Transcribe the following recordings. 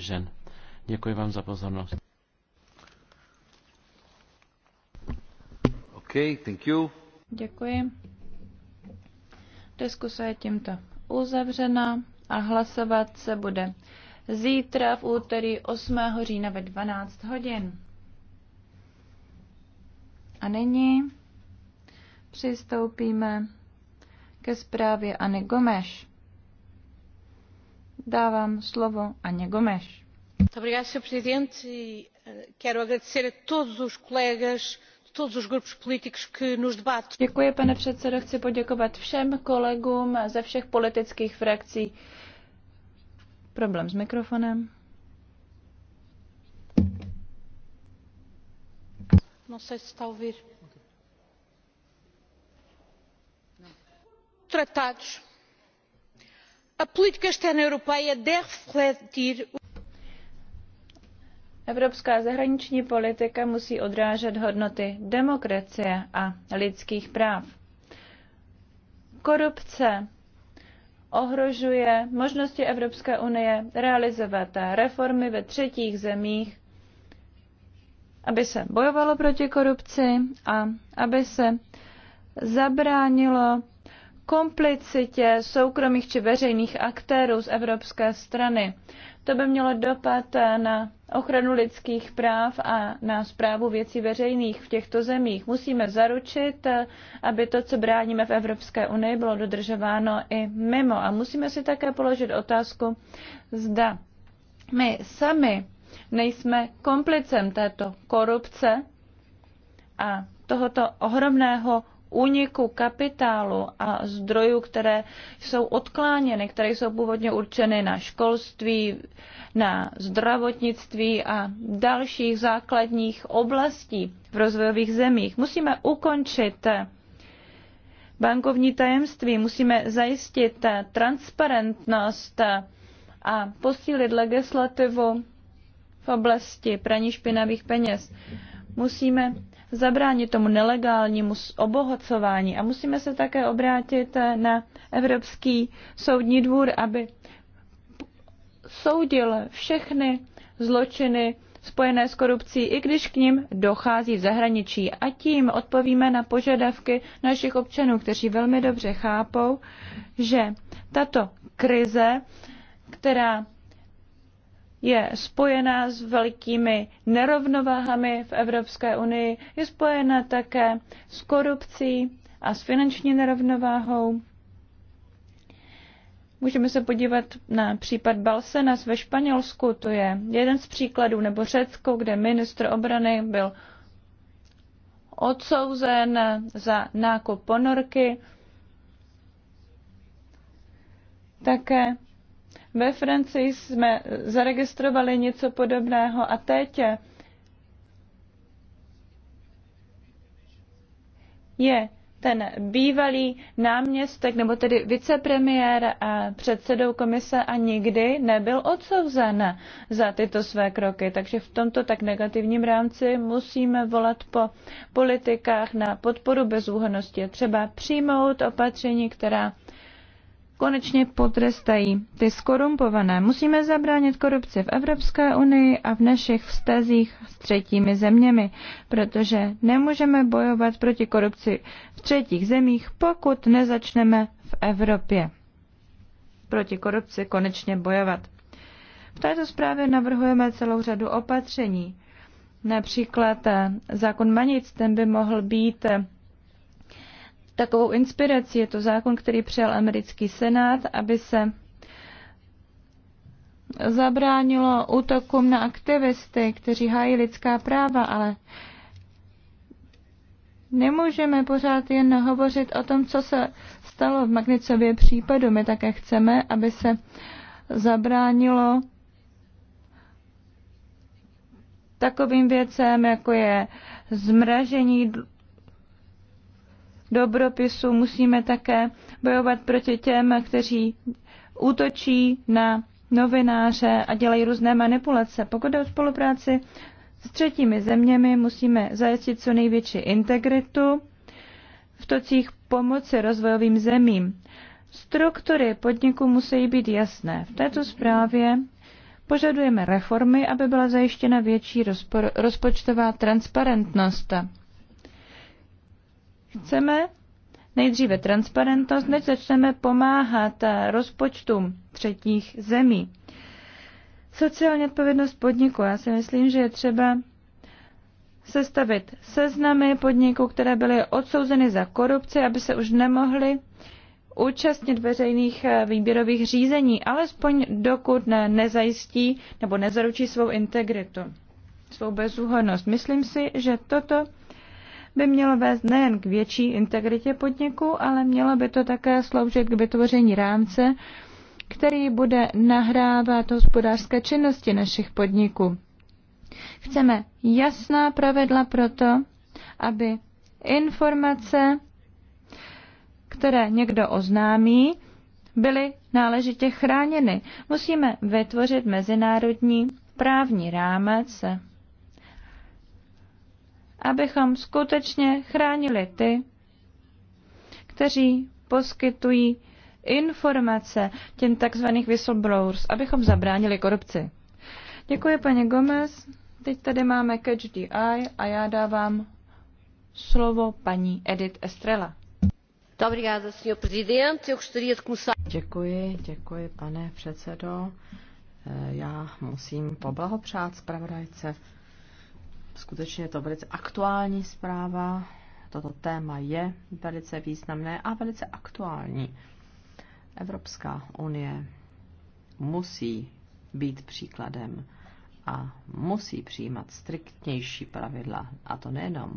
žen. Děkuji vám za pozornost. Okay, thank you. Děkuji. Diskuse je tímto uzavřena a hlasovat se bude zítra v úterý 8. října ve 12 hodin. A nyní přistoupíme ke zprávě Anny Gomeš dávám slovo Aně Gomeš. Děkuji, pane předsedo. Chci poděkovat všem kolegům ze všech politických frakcí. Problém s mikrofonem. Não sei se Tratados a política externa deve refletir Evropská zahraniční politika musí odrážet hodnoty demokracie a lidských práv. Korupce ohrožuje možnosti Evropské unie realizovat reformy ve třetích zemích, aby se bojovalo proti korupci a aby se zabránilo komplicitě soukromých či veřejných aktérů z evropské strany. To by mělo dopad na ochranu lidských práv a na zprávu věcí veřejných v těchto zemích. Musíme zaručit, aby to, co bráníme v Evropské unii, bylo dodržováno i mimo. A musíme si také položit otázku, zda my sami nejsme komplicem této korupce a tohoto ohromného úniku kapitálu a zdrojů, které jsou odkláněny, které jsou původně určeny na školství, na zdravotnictví a dalších základních oblastí v rozvojových zemích. Musíme ukončit bankovní tajemství, musíme zajistit transparentnost a posílit legislativu v oblasti praní špinavých peněz. Musíme zabránit tomu nelegálnímu obohacování. A musíme se také obrátit eh, na Evropský soudní dvůr, aby soudil všechny zločiny spojené s korupcí, i když k ním dochází v zahraničí. A tím odpovíme na požadavky našich občanů, kteří velmi dobře chápou, že tato krize, která je spojena s velikými nerovnováhami v Evropské unii, je spojena také s korupcí a s finanční nerovnováhou. Můžeme se podívat na případ Balsenas ve Španělsku, to je jeden z příkladů, nebo Řecko, kde ministr obrany byl odsouzen za nákup ponorky. Také ve Francii jsme zaregistrovali něco podobného a teď je ten bývalý náměstek nebo tedy vicepremiér a předsedou komise a nikdy nebyl odsouzen za tyto své kroky. Takže v tomto tak negativním rámci musíme volat po politikách na podporu bezúhonosti. Třeba přijmout opatření, která konečně potrestají ty skorumpované. Musíme zabránit korupci v Evropské unii a v našich vztazích s třetími zeměmi, protože nemůžeme bojovat proti korupci v třetích zemích, pokud nezačneme v Evropě proti korupci konečně bojovat. V této zprávě navrhujeme celou řadu opatření. Například eh, zákon Manic, ten by mohl být eh, takovou inspirací. Je to zákon, který přijal americký senát, aby se zabránilo útokům na aktivisty, kteří hájí lidská práva, ale nemůžeme pořád jen hovořit o tom, co se stalo v Magnicově případu. My také chceme, aby se zabránilo takovým věcem, jako je zmražení dobropisu musíme také bojovat proti těm, kteří útočí na novináře a dělají různé manipulace. Pokud jde o spolupráci s třetími zeměmi, musíme zajistit co největší integritu v tocích pomoci rozvojovým zemím. Struktury podniku musí být jasné. V této zprávě požadujeme reformy, aby byla zajištěna větší rozpor, rozpočtová transparentnost. Chceme nejdříve transparentnost, než začneme pomáhat rozpočtům třetích zemí. Sociální odpovědnost podniku. Já si myslím, že je třeba sestavit seznamy podniků, které byly odsouzeny za korupci, aby se už nemohly účastnit veřejných eh, výběrových řízení, alespoň dokud ne, nezajistí nebo nezaručí svou integritu, svou bezúhodnost. Myslím si, že toto by mělo vést nejen k větší integritě podniku, ale mělo by to také sloužit k vytvoření rámce, který bude nahrávat hospodářské činnosti našich podniků. Chceme jasná pravidla pro to, aby informace, které někdo oznámí, byly náležitě chráněny. Musíme vytvořit mezinárodní právní rámec abychom skutečně chránili ty, kteří poskytují informace těm takzvaných whistleblowers, abychom zabránili korupci. Děkuji, paní Gomez. Teď tady máme Catch the Eye a já dávám slovo paní Edith Estrela. Děkuji, děkuji, pane předsedo. Já musím poblahopřát zpravodajce skutečně je to velice aktuální zpráva. Toto téma je velice významné a velice aktuální. Evropská unie musí být příkladem a musí přijímat striktnější pravidla, a to nejenom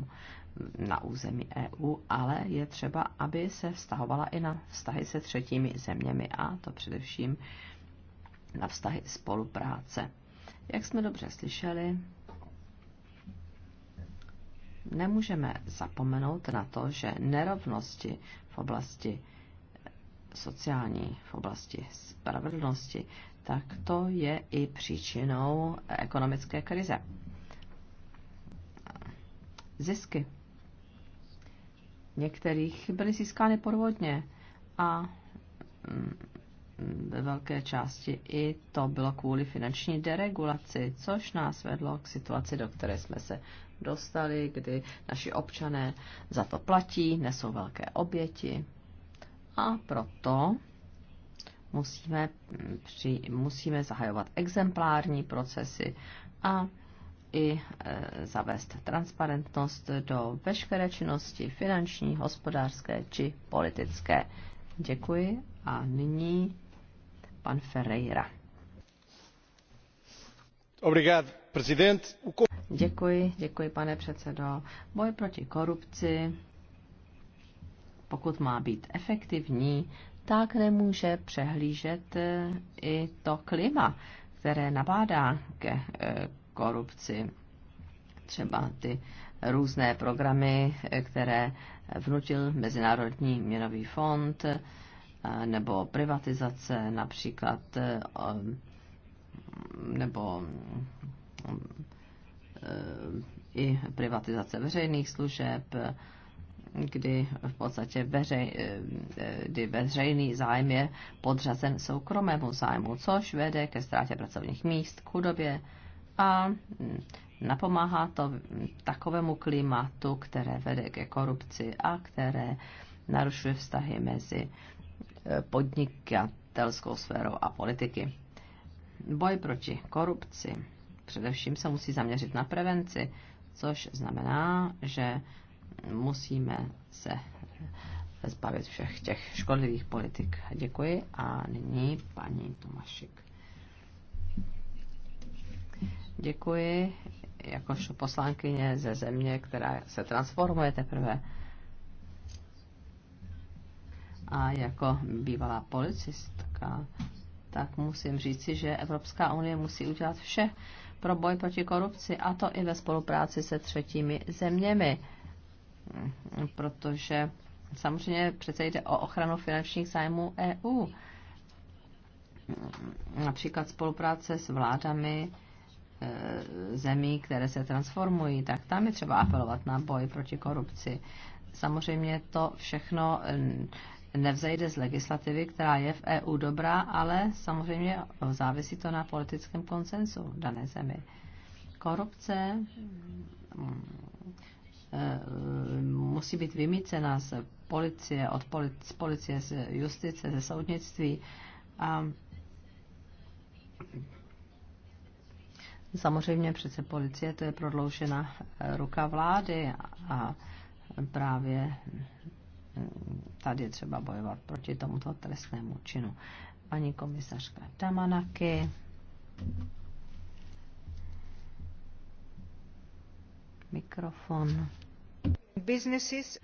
na území EU, ale je třeba, aby se vztahovala i na vztahy se třetími zeměmi a to především na vztahy spolupráce. Jak jsme dobře slyšeli, nemůžeme zapomenout na to, že nerovnosti v oblasti sociální, v oblasti spravedlnosti, tak to je i příčinou ekonomické krize. Zisky některých byly získány podvodně a mm, ve velké části i to bylo kvůli finanční deregulaci, což nás vedlo k situaci, do které jsme se dostali, kdy naši občané za to platí, nesou velké oběti a proto musíme, při, musíme zahajovat exemplární procesy a i e, zavést transparentnost do veškeré činnosti finanční, hospodářské či politické. Děkuji a nyní pan Ferreira. Děkuji, děkuji, pane předsedo. Boj proti korupci, pokud má být efektivní, tak nemůže přehlížet eh, i to klima, které nabádá ke eh, korupci. Třeba ty různé programy, eh, které vnutil Mezinárodní měnový fond, nebo privatizace například, e, nebo e, i privatizace veřejných služeb, kdy v podstatě veřej, e, kdy veřejný zájem je podřazen soukromému zájmu, což vede ke ztrátě pracovních míst, k chudobě a mm, napomáhá to takovému klimatu, které vede ke korupci a které narušuje vztahy mezi podnikatelskou sférou a politiky. Boj proti korupci především se musí zaměřit na prevenci, což znamená, že musíme se zbavit všech těch škodlivých politik. Děkuji a nyní paní Tomašik. Děkuji jakožto poslankyně ze země, která se transformuje teprve a jako bývalá policistka, tak musím říci, že Evropská unie musí udělat vše pro boj proti korupci, a to i ve spolupráci se třetími zeměmi, protože samozřejmě přece jde o ochranu finančních zájmů EU. Například spolupráce s vládami e, zemí, které se transformují, tak tam je třeba apelovat na boj proti korupci. Samozřejmě to všechno nevzejde z legislativy, která je v EU dobrá, ale samozřejmě závisí to na politickém konsensu dané zemi. Korupce mm, e, musí být vymícena z policie, od polic, z policie, z justice, ze soudnictví. A samozřejmě přece policie to je prodloužena ruka vlády a právě tady třeba bojovat proti tomuto trestnému činu. Paní komisařka Tamanaky. Mikrofon. Businesses.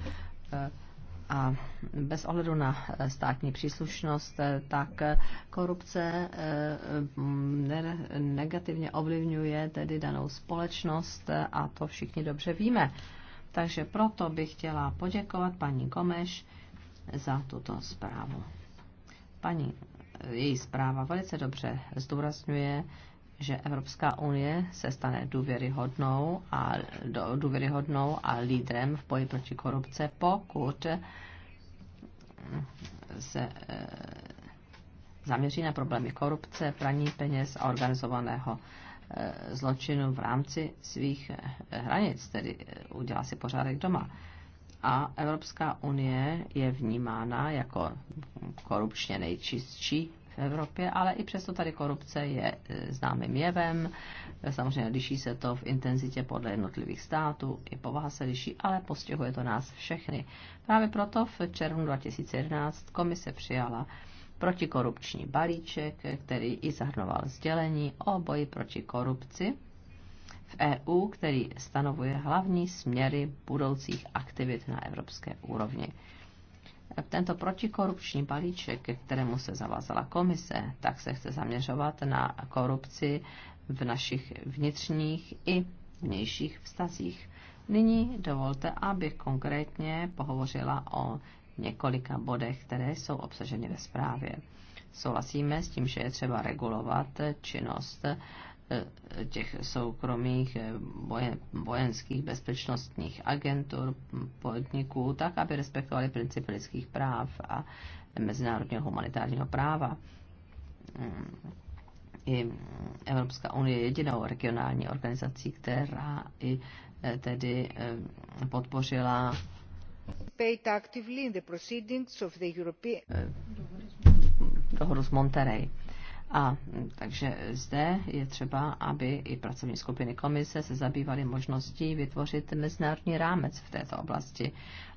Eh, a bez ohledu na státní příslušnost, eh, tak eh, korupce negativně ovlivňuje tedy danou společnost a to všichni dobře víme. Takže proto bych chtěla poděkovat paní Gomeš za tuto zprávu. Paní, její zpráva velice dobře zdůrazňuje, že Evropská unie se stane důvěryhodnou a, důvěryhodnou a lídrem v boji proti korupce, pokud se e, zaměří na problémy korupce, praní peněz a organizovaného Eh, zločinu v rámci svých eh, hranic, tedy eh, udělá si pořádek doma. A Evropská unie je vnímána jako korupčně nejčistší v Evropě, ale i přesto tady korupce je známým jevem. Samozřejmě liší se to v intenzitě podle jednotlivých států, i povaha se liší, ale postihuje to nás všechny. Právě proto v červnu 2011 komise přijala protikorupční balíček, který i zahrnoval sdělení o boji proti korupci v EU, který stanovuje hlavní směry budoucích aktivit na evropské úrovni. Tento protikorupční balíček, ke kterému se zavázala komise, tak se chce zaměřovat na korupci v našich vnitřních i vnějších vztazích. Nyní dovolte, abych konkrétně pohovořila o několika bodech, které jsou obsaženy ve zprávě. Souhlasíme s tím, že je třeba regulovat činnost eh, těch soukromých eh, vojenských bezpečnostních agentur, podniků, tak, aby respektovali principy lidských práv a mezinárodního humanitárního práva. Eh, I Evropská unie je jedinou regionální organizací, která i tedy podpořila participate actively in the proceedings of the European... Eh, dohodu z Monterey. A hm, takže zde je třeba, aby i pracovní skupiny komise se zabývaly možností vytvořit mezinárodní rámec v této oblasti.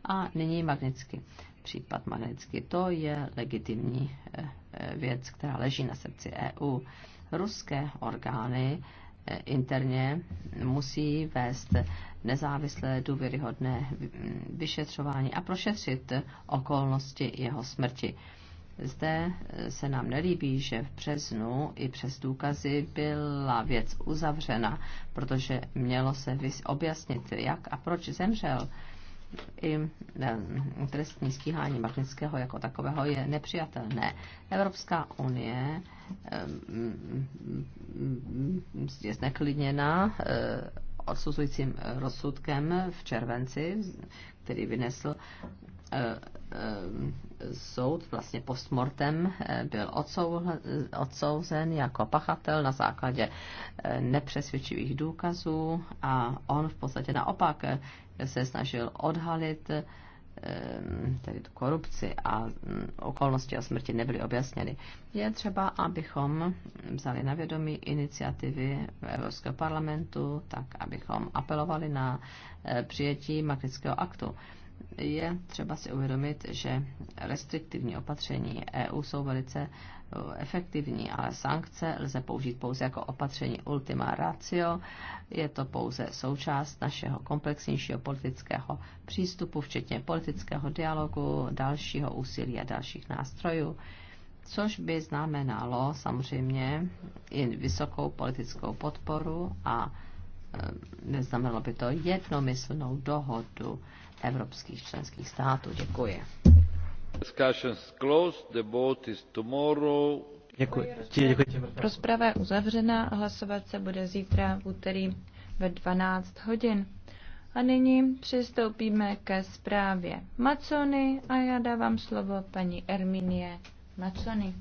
A nyní magnicky. Případ magnicky. To je legitimní eh, eh, věc, která leží na srdci EU. Ruské orgány interně musí vést nezávislé, důvěryhodné mm, vyšetřování a prošetřit okolnosti jeho smrti. Zde eh, se nám nelíbí, že v březnu i přes důkazy byla věc uzavřena, protože mělo se objasnit, jak a proč zemřel. I eh, trestní stíhání Magnitského jako takového je nepřijatelné. Evropská unie eh, mm, mm, je zneklidněna odsuzujícím eh, rozsudkem v červenci, který vynesl eh, eh, soud vlastně postmortem byl odsouzen jako pachatel na základě nepřesvědčivých důkazů a on v podstatě naopak se snažil odhalit Ehm, tedy tu korupci a mm, okolnosti a smrti nebyly objasněny. Je třeba, abychom vzali na vědomí iniciativy Evropského parlamentu, tak abychom apelovali na eh, přijetí Makrického aktu je třeba si uvědomit, že restriktivní opatření EU jsou velice eh, efektivní, ale sankce lze použít pouze jako opatření ultima ratio. Je to pouze součást našeho komplexnějšího politického přístupu, včetně politického dialogu, dalšího úsilí a dalších nástrojů, což by znamenalo samozřejmě i vysokou politickou podporu a Eh, neznamenalo by to jednomyslnou dohodu evropských členských států. Děkuji. Děkuji. Rozprava je uzavřena a hlasovat se bude zítra v úterý ve 12 hodin. A nyní přistoupíme ke zprávě Macony a já dávám slovo paní Erminie Macony.